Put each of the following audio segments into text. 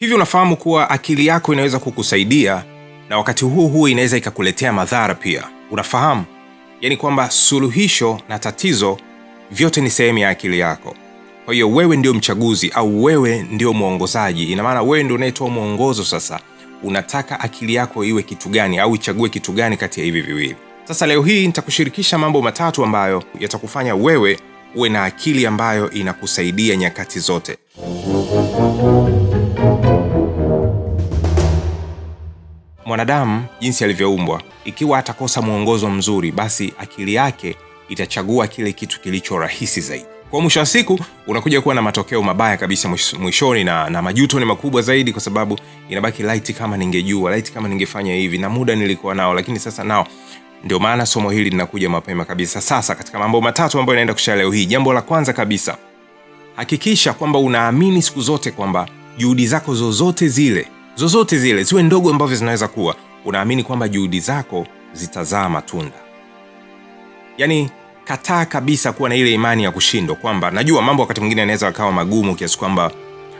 hivyo unafahamu kuwa akili yako inaweza kukusaidia na wakati huo huo inaweza ikakuletea madhara pia unafahamu yani kwamba suluhisho na tatizo vyote ni sehemu ya akili yako kwa hiyo wewe ndio mchaguzi au wewe ndio mwongozaji inamaana wewe ndio unayetoa mwongozo sasa unataka akili yako iwe kitu gani au ichague kitu gani kati ya hivi viwili sasa leo hii nitakushirikisha mambo matatu ambayo yatakufanya wewe uwe na akili ambayo inakusaidia nyakati zote mwanadamu jinsi alivyoumbwa ikiwa atakosa mwongozo mzuri basi akili yake itachagua kile kitu kilicho rahisi zaidi kwa mwisho wa siku unakuja kuwa na matokeo mabaya kabisa mwishoni na, na majuto ni makubwa zaidi kwa sababu inabaki light kama ningejua light kama ningefanya hivi na muda nilikuwa nao lakini sasa nao ndio maana somo hili linakuja mapema kabisa sasa katika mambo matatu ambayo inaenda kusha leo hii jambo la kwanza kabisa hakikisha kwamba unaamini siku zote kwamba juhudi zako zozote zile zozote zile ziwe ndogo ambavyo zinaweza kuwa, unaamini kwamba juhudi zako zitazaa matunda. Yaani, kataa kabisa kuwa na ile imani ya kushindwa, kwamba najua mambo wakati mwingine yanaweza akawa magumu kiasi kwamba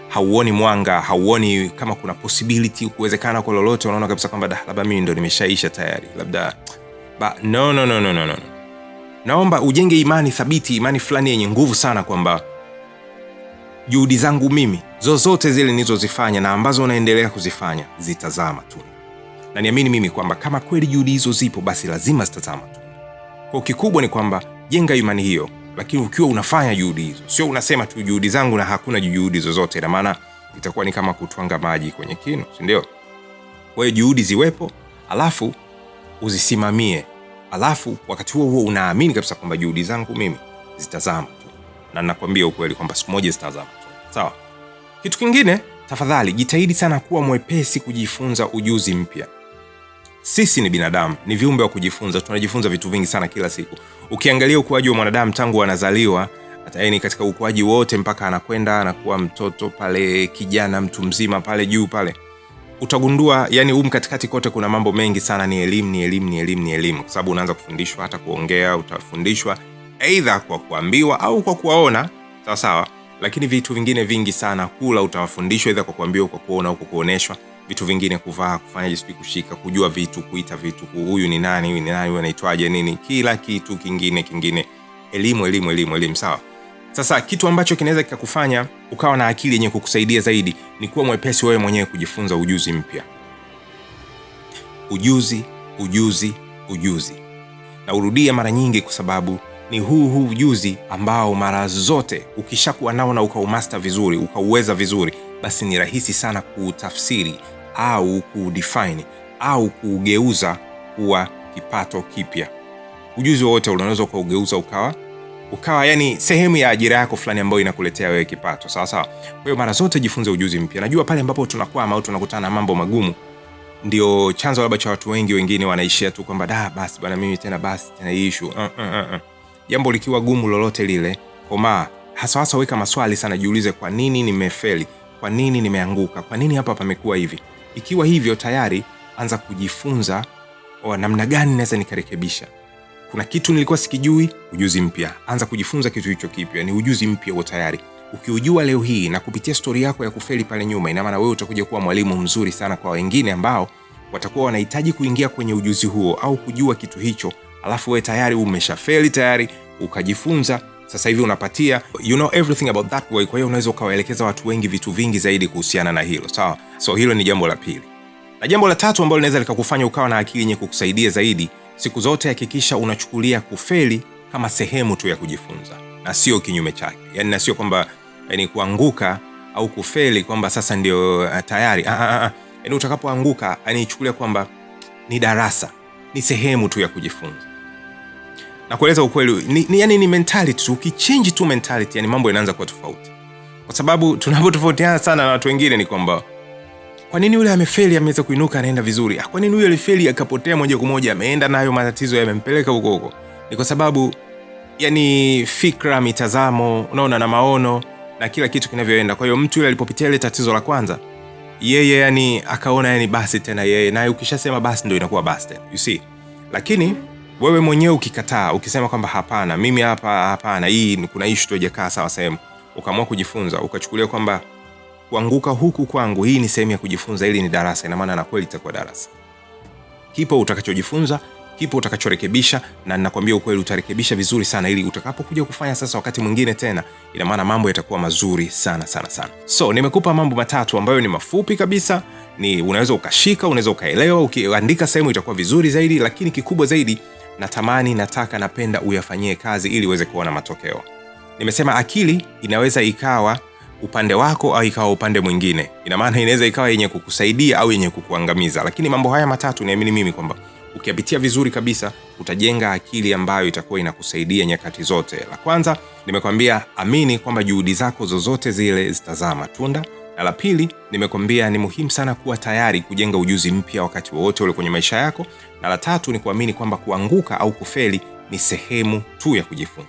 hauoni mwanga, hauoni kama kuna posibiliti kuwezekana kwa lolote. Unaona kabisa kwamba da, labda mimi ndo nimeshaisha tayari, labda ba, no, no, no, no, no, no. Naomba ujenge imani thabiti, imani fulani yenye nguvu sana kwamba juhudi zangu mimi zozote zile nilizozifanya na ambazo unaendelea kuzifanya zitazaa matunda, na niamini mimi kwamba kama kweli juhudi hizo zipo, basi lazima zitazaa matunda. Kwa kikubwa ni kwamba jenga imani hiyo, lakini ukiwa unafanya juhudi hizo, sio unasema tu juhudi zangu na hakuna juhudi zozote, na maana itakuwa ni kama kutwanga maji kwenye kinu, sindio ndio? Kwa hiyo juhudi ziwepo, alafu uzisimamie, alafu wakati huo huo unaamini kabisa kwamba juhudi zangu mimi zitazama, na nakwambia ukweli kwamba siku moja zitazama sawa. Kitu kingine, tafadhali jitahidi sana kuwa mwepesi kujifunza ujuzi mpya. Sisi ni binadamu, ni viumbe wa kujifunza, tunajifunza vitu vingi sana kila siku. Ukiangalia ukuaji wa mwanadamu tangu anazaliwa hata yani, katika ukuaji wote mpaka anakwenda anakuwa mtoto pale, kijana, mtu mzima pale juu pale, utagundua yani huko katikati kote kuna mambo mengi sana, ni elimu, ni elimu, ni elimu, ni elimu, kwa sababu unaanza kufundishwa hata kuongea, utafundishwa aidha kwa kuambiwa au kwa kuwaona, sawa sawa lakini vitu vingine vingi sana. Kula utawafundishwa aidha kwa kuambiwa, kwa kuona au kuoneshwa vitu vingine, kuvaa, kufanya, jisi kushika, kujua vitu, kuita vitu, huyu ni nani, huyu ni nani, huyu anaitwaje, nini, kila kitu kingine kingine. Elimu, elimu, elimu, elimu. Sawa. Sasa kitu ambacho kinaweza kikakufanya ukawa na akili yenye kukusaidia zaidi ni kuwa mwepesi wewe mwenyewe kujifunza ujuzi mpya. Ujuzi, ujuzi, ujuzi, na mara nyingi, kwa sababu ni huu huu ujuzi ambao mara zote ukishakuwa nao na ukaumasta vizuri, ukauweza vizuri, basi ni rahisi sana kuutafsiri au kuudefine au kuugeuza kuwa kipato kipya. Ujuzi wowote unaweza ukaugeuza ukawa ukawa yani sehemu ya ajira yako fulani ambayo inakuletea wewe kipato, sawa sawa. Kwa hiyo mara zote jifunze ujuzi mpya. Najua pale ambapo tunakwama au tunakutana na mambo magumu ndio chanzo labda cha watu wengi wengine wanaishia tu kwamba da, basi bwana, mimi tena basi tena hii issue uh, uh, uh jambo likiwa gumu lolote lile, komaa hasa hasa, weka maswali sana, jiulize, kwa nini nimefeli? Kwa nini nimeanguka? Kwa nini hapa pamekuwa hivi? Ikiwa hivyo tayari, anza kujifunza namna gani naweza nikarekebisha. Kuna kitu nilikuwa sikijui, ujuzi mpya, anza kujifunza kitu hicho kipya, ni ujuzi mpya huo tayari ukiujua leo hii na kupitia stori yako ya kufeli pale nyuma, inamaana wewe utakuja kuwa mwalimu mzuri sana kwa wengine ambao watakuwa wanahitaji kuingia kwenye ujuzi huo au kujua kitu hicho alafu wewe tayari umeshafeli tayari ukajifunza sasa hivi unapatia you know everything about that way. Kwa hiyo unaweza ukawaelekeza watu wengi vitu vingi zaidi kuhusiana na hilo sawa. So hilo ni jambo la pili, na jambo la tatu ambalo linaweza likakufanya ukawa na akili yenye kukusaidia zaidi siku zote, hakikisha unachukulia kufeli kama sehemu tu ya kujifunza na sio kinyume chake, yani na sio kwamba yani eh, kuanguka au kufeli kwamba sasa ndio eh, tayari ah, ah, ah. Yani utakapoanguka, anichukulia yaani kwamba ni darasa, ni sehemu tu ya kujifunza na kueleza ukweli ni, ni, yani ni mentality ukichenji tu mentality yani mambo yanaanza kuwa tofauti kwa sababu tunapotofautiana sana na watu wengine ni kwamba kwa nini yule amefeli ameweza kuinuka anaenda vizuri ah, kwa nini huyo alifeli akapotea moja kwa moja ameenda nayo matatizo yamempeleka huko huko ni kwa sababu yani fikra mitazamo unaona na maono na kila kitu kinavyoenda kwa hiyo mtu yule alipopitia ile tatizo la kwanza yeye yani akaona yani basi tena yeye naye ukishasema basi ndo inakuwa basi tena you see lakini wewe mwenyewe ukikataa, ukisema kwamba hapana, mimi hapa hapana, hii kuna ishu haijakaa sawa sehemu, ukaamua kujifunza, ukachukulia kwamba kuanguka huku kwangu hii ni sehemu ya kujifunza, ili ni darasa, ina maana na kweli itakuwa darasa. Kipo utakachojifunza, kipo utakachorekebisha, na ninakwambia ukweli, utarekebisha vizuri sana, ili utakapokuja kufanya sasa wakati mwingine tena, ina maana mambo yatakuwa mazuri sana sana sana. So nimekupa mambo matatu ambayo ni mafupi kabisa ni unaweza ukashika, unaweza ukaelewa, ukiandika sehemu itakuwa vizuri zaidi, lakini kikubwa zaidi natamani, nataka, napenda uyafanyie kazi ili uweze kuona matokeo. Nimesema akili inaweza ikawa upande wako au ikawa upande mwingine. Ina maana inaweza ikawa yenye kukusaidia au yenye kukuangamiza, lakini mambo haya matatu niamini mimi kwamba ukiyapitia vizuri kabisa utajenga akili ambayo itakuwa inakusaidia nyakati zote. La kwanza nimekwambia, amini kwamba juhudi zako zozote zile zitazaa matunda na la pili nimekwambia ni muhimu sana kuwa tayari kujenga ujuzi mpya wakati wowote ule kwenye maisha yako, na la tatu ni kuamini kwamba kuanguka au kufeli ni sehemu tu ya kujifunza,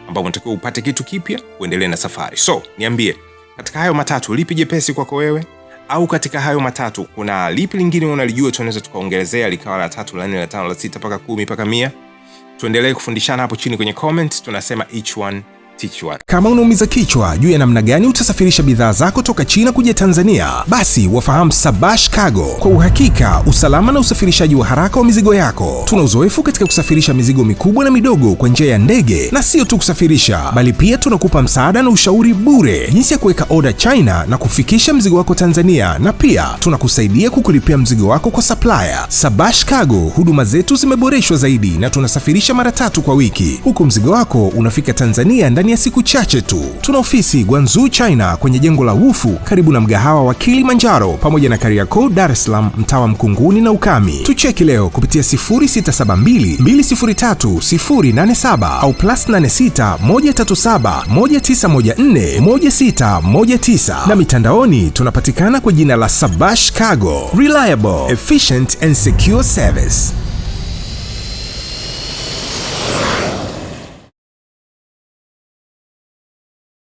ambapo unatakiwa upate kitu kipya, uendelee na safari. So niambie, katika hayo matatu lipi jepesi kwako wewe? Au katika hayo matatu kuna lipi lingine unalijua, tunaweza tukaongelezea likawa la tatu, la nne, la tano, la sita, mpaka kumi, mpaka mia? Tuendelee kufundishana hapo chini kwenye comment. Tunasema each one kichwa. Kama unaumiza kichwa juu ya namna gani utasafirisha bidhaa zako toka China kuja Tanzania, basi wafahamu Sabash Cargo. Kwa uhakika, usalama na usafirishaji wa haraka wa mizigo yako. Tuna uzoefu katika kusafirisha mizigo mikubwa na midogo kwa njia ya ndege, na sio tu kusafirisha, bali pia tunakupa msaada na ushauri bure jinsi ya kuweka oda China na kufikisha mzigo wako Tanzania, na pia tunakusaidia kukulipia mzigo wako kwa supplier. Sabash Cargo, huduma zetu zimeboreshwa zaidi na tunasafirisha mara tatu kwa wiki, huku mzigo wako unafika Tanzania ndani ya siku chache tu. Tuna ofisi Guangzhou, China, kwenye jengo la Wufu karibu na mgahawa wa Kilimanjaro, pamoja na Kariakoo, Dar es Salaam, mtaa wa Mkunguni na Ukami. Tucheki leo kupitia 0672203087 au plus 86137191416119 na mitandaoni tunapatikana kwa jina la Sabash Cargo, reliable efficient and secure service.